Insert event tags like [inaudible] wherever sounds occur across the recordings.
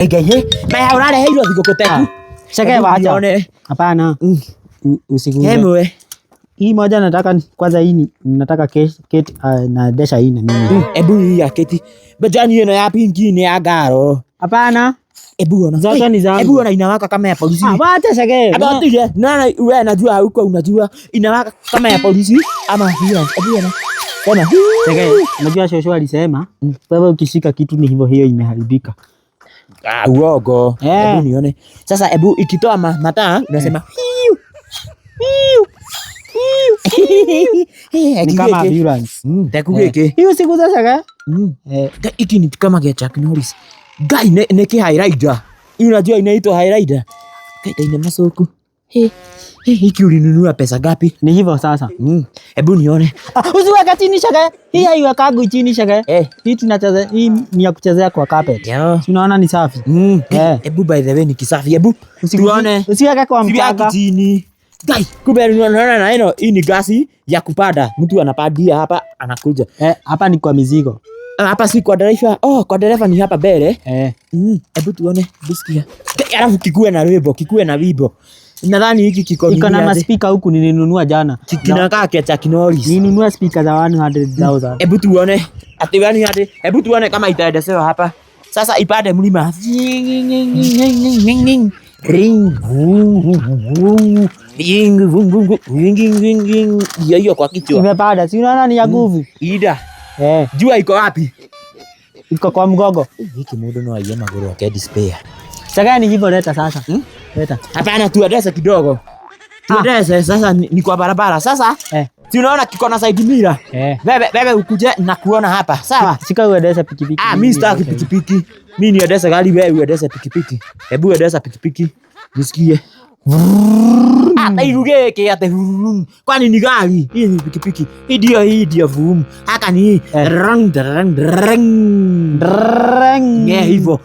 Ngehe, maya urareheirwo thigũkũ teku. Ah. Cheke wacha one. Hapana. Mm. Usiguse. Hemwe. Hii moja nataka kwanza hii nataka keti ah, na desha hii na mimi. Mm. Ebu hii ya keti. Bajani hiyo ya pinki ni ya garo. Hapana. Ebu ona. Zote ni zangu. Ebu ona inawaka kama ya polisi. Ah, wacha cheke. Aba tuje. Nana wewe najua huko unajua inawaka kama ya polisi ama hiyo. Ebu ona. Ona. Cheke. Unajua shosho alisema, mm. wewe ukishika kitu ni hivyo hiyo imeharibika. Ah, uongo. Yeah. Ebu nione. Sasa ebu ikitoa mataa hmm. unasema [laughs] hiu. Hiu. [laughs] Eh, ni kama ambulance. Ndakugeke. Hmm. Eh. Hiyo siku sasa ka? Hmm. Eh, iki ni kama kia Chuck Norris. Guy ne ne ki high rider. Unajua inaitwa high rider. Kaita ina masoko. Hiki hi, hi, ulinunua pesa gapi? Ni hivyo sasa. Mm. Hebu nione. Ah, usiweke chini shaka. Hii haiwekagi chini shaka. Eh. Hii tunachezea, hii ni ya kuchezea kwa carpet. Yeah. Tunaona ni safi. Mm. Eh. Hebu by the way ni kisafi. Hebu tuone. Usiweke kwa mchanga. Chini. Dai, kumbe unaona na ino hii ni gasi ya kupanda. Mtu anapadia hapa anakuja. Eh, hapa ni kwa mizigo. Ah, hapa si kwa dereva. Oh, kwa dereva ni hapa mbele. Eh. Mm. Hebu tuone. Busikia. Alafu kikuwe na wimbo, kikuwe na wimbo. Nadhani hiki kiko iko na maspika huku nilinunua jana. Kinakaa cha Kinoris. Ninunua speaker za 100,000. Hebu tuone. Ati wani hadi. Hebu tuone kama itaenda sawa hapa. Sasa ipande mlima. Hiyo kwa kichwa. Imepanda. Si unaona ni ya mm. nguvu. Ida. Eh. Jua iko wapi? Iko kwa mgogo. Hiki mudu no aiye maguru wa Kedis Bear. Sasa gani hivyo leta sasa? Hmm? Leta. Hapana tuendeshe kidogo. Tuendeshe ah. sasa ni kwa barabara. Sasa eh. Si unaona kiko na side mirror. Eh. Bebe bebe ukuje na kuona hapa. Sawa? Sika uendeshe pikipiki. Ah, mimi sitaki pikipiki. Mimi niendeshe gari, wewe uendeshe pikipiki. Hebu uendeshe pikipiki. Nisikie hata ah, mm. mm, mm. kwani ni gari hii? Ni pikipiki hii, hii ni eh. rang rang rang rang,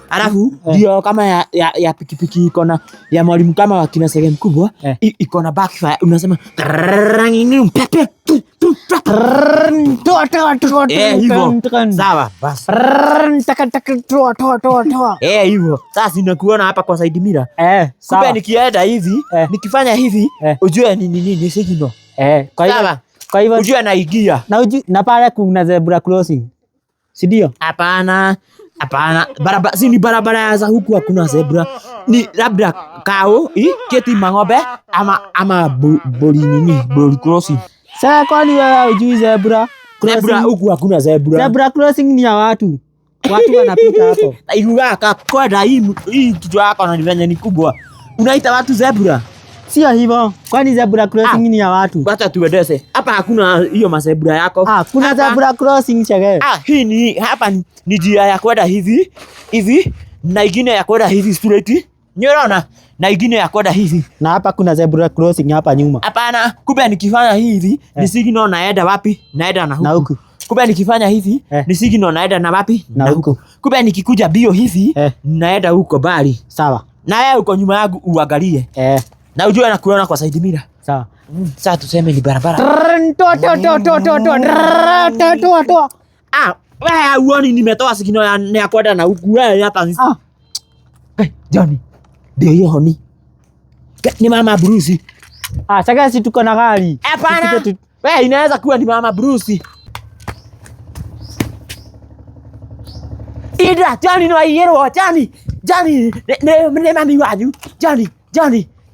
Alafu eh. kama ya ya, ya pikipiki iko na ya mwalimu kama eh. iko na backfire, unasema rang ni pepe Sasa hapa kwa side mirror, kumbe nikienda hivi nikifanya hivi Eh. ujue ni nini ni signal. Eh, kwa hivyo kwa hivyo ujue anaingia. Na uji na pale kuna zebra crossing. Si ndio? Hapana. Hapana, barabara si ni barabara za huku hakuna zebra. Ni labda kao, i keti mangobe ama ama boli nini, boli crossing. Sasa ni wewe ujui zebra? Zebra huku hakuna zebra. Zebra crossing ni ya watu. Watu wanapita [laughs] hapo. Iluga kwa daimu hii kichwa yako na ni kubwa. Unaita watu zebra? Sio hivyo. Kwani zebra crossing ah, ni ya watu? Wacha tuendeze. Hapa hakuna hiyo mazebra yako. Ah, kuna zebra crossing chege. Ah, hii ni hapa ni njia ya kwenda hivi hivi na ingine ya kwenda hivi straight. Unaona? Na ingine ya kwenda hivi. Na hapa kuna zebra crossing hapa nyuma. Hapana, kumbe nikifanya hivi eh, ni signal naenda wapi? Naenda na huku. Na huku. Kumbe nikifanya hivi eh, ni signal naenda na wapi? Na huku. Kumbe nikikuja bio hivi eh, naenda huko bali. Sawa. Na wewe uko nyuma yangu uangalie. Eh na ujue anakuona kwa Said Mira. Sawa. Sasa tuseme ni barabara. Toa toa toa toa toa toa toa toa. Ah, wewe uoni nimetoa sikino ya kwenda na huku wewe hapa sisi. Ah. Hey, eh, Johnny. Ndio hiyo honi. Ni mama Bruce. Ah, sasa si tuko na gari. Hapana. Wewe inaweza kuwa ni mama Bruce. Ida, Johnny no yero, Johnny. Johnny, ne ne mami waju. Johnny, Johnny.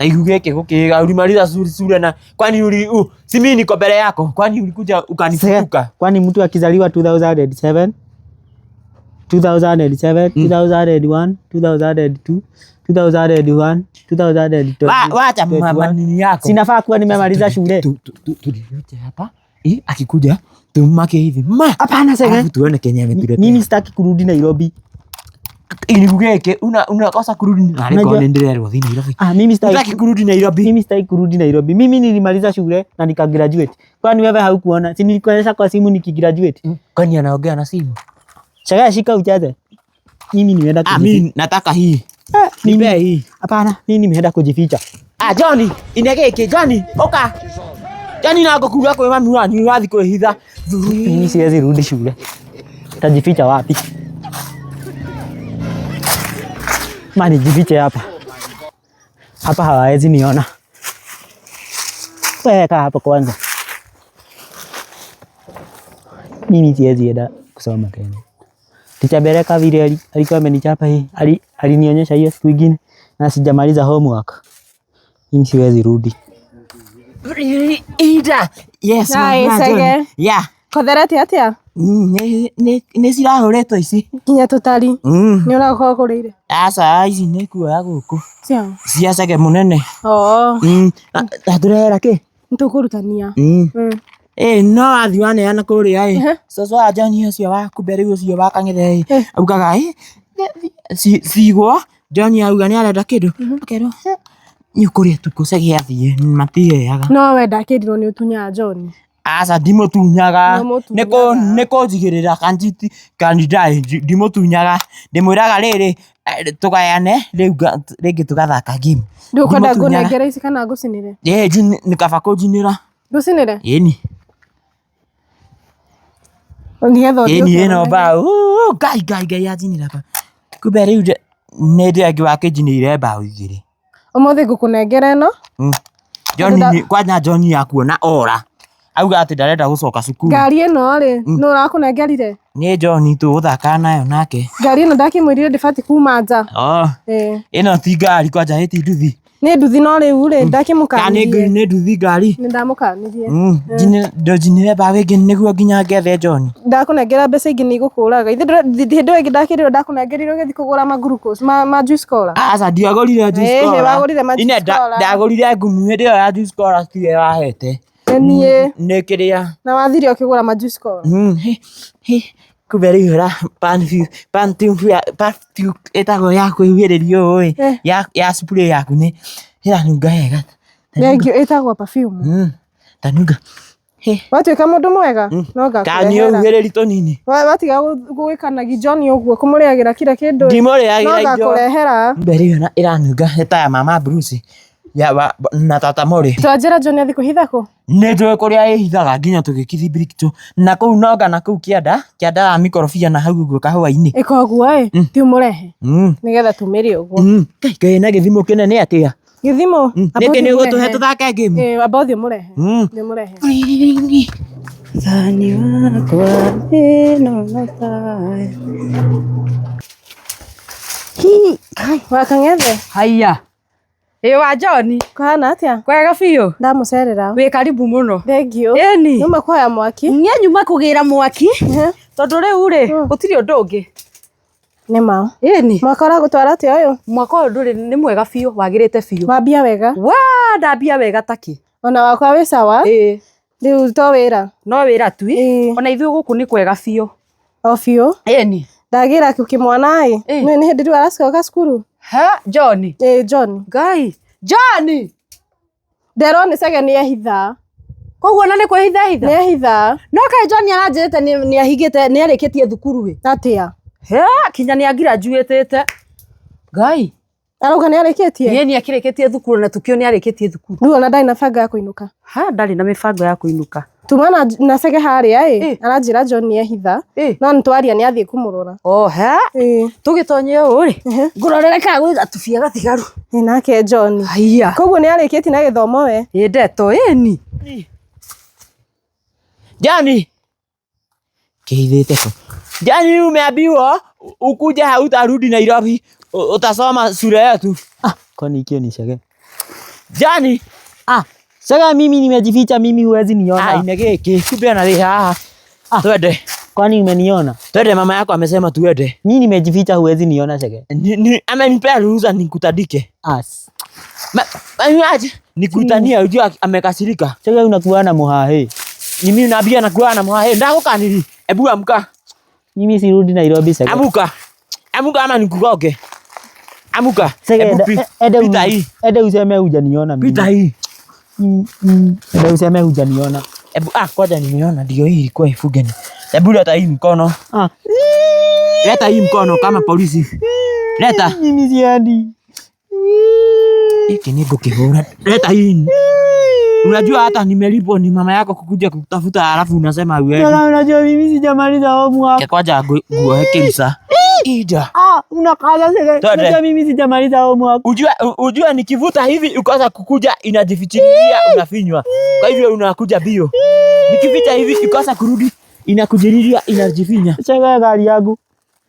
na ihuge kigo kiga ulimaliza sura sura na kwani uli uh, si mimi niko mbele yako kwani ulikuja ukanifuka kwani mtu akizaliwa 2007 2007 2001 2002 wacha manini yako sinafaa kuwa nimemaliza shule tuliyote hapa eh akikuja tumake hivi ma hapana sasa tuone Kenya ametuleta mimi sitaki kurudi Nairobi Iruge una unakosa kurudi na leo unaendelea leo dhini Nairobi. Ah, mimi sitaki kurudi Nairobi. Mimi sitaki kurudi Nairobi. Mimi nilimaliza shule na nikagraduate. Kwani wewe haukuona? Si nilikuonyesha kwa simu nikigraduate. Mm. Kwani anaongea na simu? Shaka shika uchaze. Mimi nimeenda kujificha. Ah, mimi nataka hii. Eh, nipe hii. Hapana, mimi nimeenda kujificha. Ah, Johnny, inegeke Johnny, oka. Johnny na gokuga kwa mami wanyu wathi kuhitha. Mimi siwezi rudi shule. Tajificha wapi? lazima nijifiche hapa hapa, hawawezi niona. Weka hapa kwanza, mimi siwezi enda kusoma tena. Ticha Bereka vile alikuwa amenichapa hii, alinionyesha hiyo siku ingine na sijamaliza homework. Mimi siwezi rudi. Ida. Yes, nice again. Yeah. Kotherete atia? Mm, ni cirahuritwo ici. Nginya tutari. Mm. Ni urakorwo ugurire. Aca ici ni kuoya guku. Cia? Cia cege munene. Oo. Na mm. ah, ah, turehera ki? Nitukũrutania. Ĩ no wathiĩ waneana kũrĩa ĩ, cũcũ wa John ũcio wa kũmbe rĩu ũcio wa kang'ethe ĩ, augaga ĩ cigwo John auga nĩarenda kĩndũ, mm-hmm. akerwo nĩũkũrĩa tu gũcege athiĩ matiheaga. No we ndakĩrirwo nĩ ũtunya wa aca ndimutunyaga nĩkũnjigĩrĩra kanjidai ndimutunyaga ndĩmwĩraga rĩrĩ eh, tũgayane rĩu rĩngĩ tũgathaka game ndũkwenda rä ici tå ngũcinĩre ĩĩ nĩ kaba kũnjinĩra ngũcinĩre ĩni ĩni ĩno mbaũ ngai ngai ngai yanjinĩra mbaũ kumbe rĩu nĩ ndĩ angĩ wakĩnjinĩire mbaũ igĩrĩ ũmũthĩ ngũkũnengera ĩno mm. kwanja John akuona ora auga ati ndarenda gucoka cukuru ngari ino ri rä mm. nä å rakånengerire nä njoni tå nayo nake ngari ino no ndakä mwä kuma nja ä no ti ngari kwanja hiti nduthi ni nduthi no rä u rä mm. ndakä må kanirie nä nduthi ngari nä ndamå kanirie ndonjinire mm. mbawa ä ngä nä guo nginya ngethe njoni ndakå nengera mbeca ingä nä igå kå raga ithä hä ndä ä ngä ndakä rä rwo ndakå nengerire å gä thiä kå gå ra ma aca ndiagå rire ndagå rire ngumu hä ndä ä yo ya wahete nie nikiria na wathire ukigura majuice ko hmm. kuberihura panfiu pantumfia panfiu etagwo ya kwĩhuhĩrĩrio ũĩ ya ya ya spray yaku nĩ ĩranunga wega thengio ĩtagwo perfume hmm. tanunga watu watuĩka mũndũ mwega hmm. nongakaniũhuhĩrĩri tũnini watiga gwĩkanagi John ũguo kũmũrĩagĩra kira kĩndũ ndimũrĩagĩra indo ngakũrehera berihura ĩranunga ya mama Bruce ya na tata mori to ajira joni athi kuhitha ku ni twe kuria ihithaga nginya tugikithi brikito na kuu noga na kuu kianda kianda a mikorofia na hau guo kahwa-ini ikoguo i mm. ti murehe ni getha mm. nigetha tumire uguo mm. kai kai na githimo kinene atia githimo niki ni gutuhe tuthake game amba uthi murehe ni murehe thani wakwa ino notae wakang'ethe haiya Ĩ wa John. Kũhana atĩa? Kwega biũ. Ndamucerera. Wĩ karibu mũno. Thengiũ. Ĩni. Nyuma kuoya mwaki. Niĩ nyuma kũgĩra mwaki. Tondũ rĩu rĩ, hmm. gũtirĩ ũndũ ũngĩ. Nĩ ma. Ĩni. Mwaka ũragũtwara atĩa ũyũ? Mwaka ũyũ ndũrĩ nĩ mwega biũ, wagĩrĩte biũ. Wambia wega? Wa, ndambia wega takĩ. Ona wakwa wĩ sawa? Ĩĩ. Rĩu to wĩra? No wĩra tu. Ĩĩ. Ona ithuĩ gũkũ nĩ kwega biũ. O biũ? Ĩni. Ndagĩra kĩmwana ĩ, nĩũĩ nĩ hĩndĩ rĩu aracoka cukuru? Ha, John. Eh, John. Ngai. John. Nderone sega nĩ ehitha. Koguo na nĩ kwĩhitha hitha. Nĩ ehitha. No kai John aranjĩrĩte nĩ ahigĩte nĩ arĩkĩtie thukuru ĩ. Tatia. He, kinya nĩ agirajuĩtĩte. Ngai. Arauga nĩ arĩkĩtie? Yeye nĩ akĩrĩkĩtie thukuru na tukio nĩ arĩkĩtie thukuru. Rĩu ona ndarĩ na banga ya kũinũka. Ha, ndarĩ na mĩbango ya kũinũka tuma na nacege haria i aranjira John ni ehitha no ntwaria ni athie kumurora ohe tugitonyie u ri ngurorere ka gwi gatubia gatigaru nake John haiya koguo ni arikitie na githomo we i ndeto ini Jani kihithite ko Jani umeambiwa ukuje hautarudi Nairobi utasoma sura yetu ah kwani ikio ni shage Jani ah sasa mimi nimejificha, mimi huwezi niona. Ah. Imegeki kubwa anali haha. Ah. ah, twende. Kwani umeniona? Twende, mama yako amesema tuende. Mimi nimejificha, huwezi niona cheke. Amenipea ruhusa nikutandike. As. Ma, ma eh, aje. Nikutania hmm. unajua amekasirika. Cheke unakuwa na muhahe. Ni mimi naambia nakuwa na muhahe. Ndako kanili. Ebu amka. Mimi sirudi Nairobi sasa. Amuka. Amuka ama nikukoke. Amuka. Sasa ede useme hujaniona mimi. Pita hii sema mm, mm. Useme hujaniona. Ebu ah, kwaja nimeona ndio hii ilikuwa ifuge ni. Ebu leta hii mkono. Ah. Leta hii mkono kama polisi. Leta. Mimi ziadi. Hiki ni boki kukihura. Leta hii. Unajua hata nimelipwa ni mama yako kukuja kukutafuta, alafu unasema wewe. Unajua mimi sijamaliza homu hapa. Kwaja guo hekimsa. Ida. Ah, unakaza sasa. Mimi sitamaliza hao mwaka. Unajua unajua nikivuta hivi ukaanza kukuja inajifichilia unafinywa. Kwa hivyo unakuja bio. Nikipita hivi ukaanza kurudi inakujiriria inajifinya. Changa gari yangu.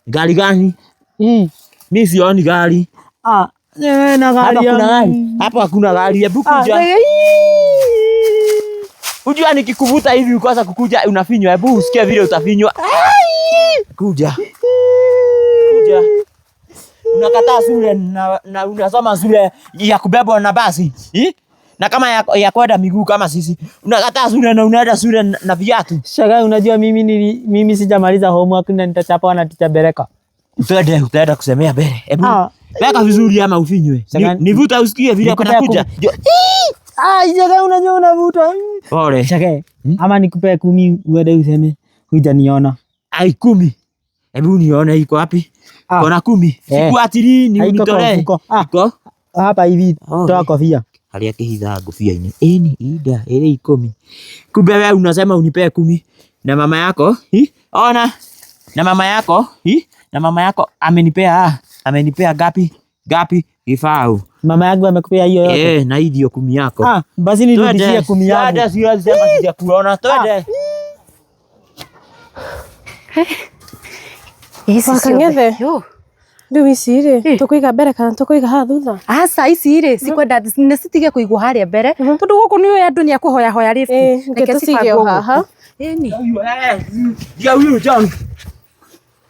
Gari gani? Mm. Mimi sioni gari. Ah, na gari. Hapa kuna gari. Hapa hakuna gari. Hebu ah, kuja. Unajua nikikuvuta hivi ukaanza kukuja unafinywa. Hebu usikia vile utafinywa. Kuja unanikuja unakataa shule na, na unasoma shule ya kubebwa na basi eh? na kama ya, ya kwenda miguu kama sisi unakataa shule na unaenda shule na, na viatu. shaka. unajua mimi ni mimi sijamaliza homework na nitachapa na ticha Bereka. Utaenda utaenda kusemea bere, Hebu ah. weka vizuri ama ufinywe. Nivuta ni usikie vile kunakuja. Ah, shaka, unajua unavuta. Pole. shaka. Hmm? ama nikupe kumi uende useme hujaniona. Ai kumi. Hebu nione iko wapi? Kona kumi. Siku atiri ni unitore. Iko hapa hivi. Toa kofia. Hali yake hiza Aliyekihidha kofiaini. Eni ida ile ikumi. Kumbe wewe unasema unipee kumi na mama yako? Hi? Ona. Na mama yako? Hi? Na mama yako amenipea amenipea gapi? Gapi? Ifau. Mama yangu amekupea hiyo yote. Eh, na hiyo kumi yako. Ah, basi nirudishie kumi yangu. Hata siwezi sema sijakuona. Twende wakang'ethe rä u ici rä tå kå iga mbere kana tå kå iga haha thutha aca ah, ici rä cikwenda nä citige kå igwo harä a mbere tondå gå kå nä å ä andå nä akå hoya hoya rä reke cige o haha eh,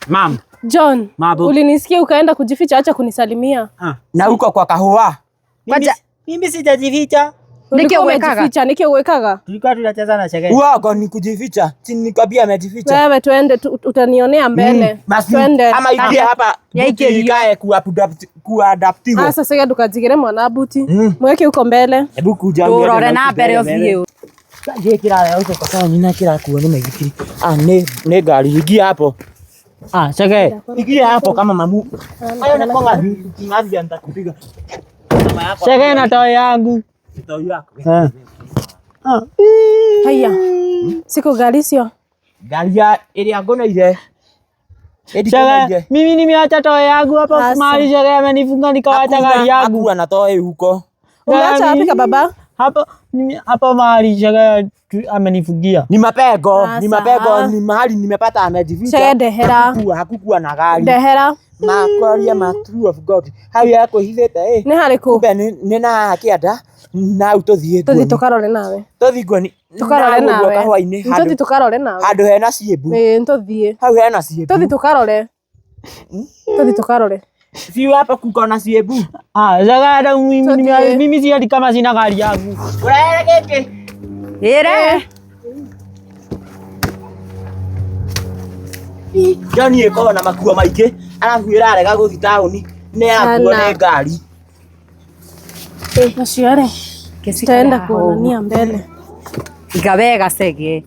Mam. John, Mabu. Ulinisikia ukaenda kujificha acha kunisalimia. Ah. Na huko kwa kahua. Mimi, mimi sijajificha. Niki uwekaga? Tulikuwa tunacheza na shegeya. Uwako ni kujificha. Chini nikwambia amejificha. Wewe tuende utanionea mm, mbele. Tuende. Ama ibe ah, hapa. Buti ikae kuadaptiwa. Ah, sasa sasa ndukajigire mwana buti. Mm. Mweke uko mbele. Hebu kuja ungere. Urore na of you. Kaje kila leo uko kwa sawa nina kila kuona nimekiri. Ah ne ne gari ingia hapo. Ah chege. Ingia hapo kama mamu. Ah, Hayo na kwa ngapi? Ngapi nitakupiga. Shegeya na toa yangu. Eh. Ah. Haya, hmm. siko gari sio gari ya iria Chaga, mimi nimeacha toa yangu hapa ah, kumaanisha amenifunga nikawacha gari yangu na toyo huko. Umeacha wapi kababa? hapa hapo chaga amenifungia. Ni mapego, ah, ni mapego, ni mahali nimepata amejificha. Chege dehera. Hakukua na gari. Dehera. Ma kwa ya matru of God. Hayo yako ta eh. Ni hariku. Ni na kiada nau tuthie tuthie tukarore nawe tuthie ngwani tukarore nawe kahwaini tuthie tukarore nawe handu hena ciembu ii ntuthie hau hena ciembu tuthie tukarore hmm? tuthie tukarore Siu hapa kuko na siebu. Ah, zaga da mimi mimi si hadi kama sina gari yangu. Unaenda keke. Ere. Jani eko na makuo maike. Alafu ira arega guthi tauni. Ne akuone ngari. Nashiare taenda kuonania mbele gavega sege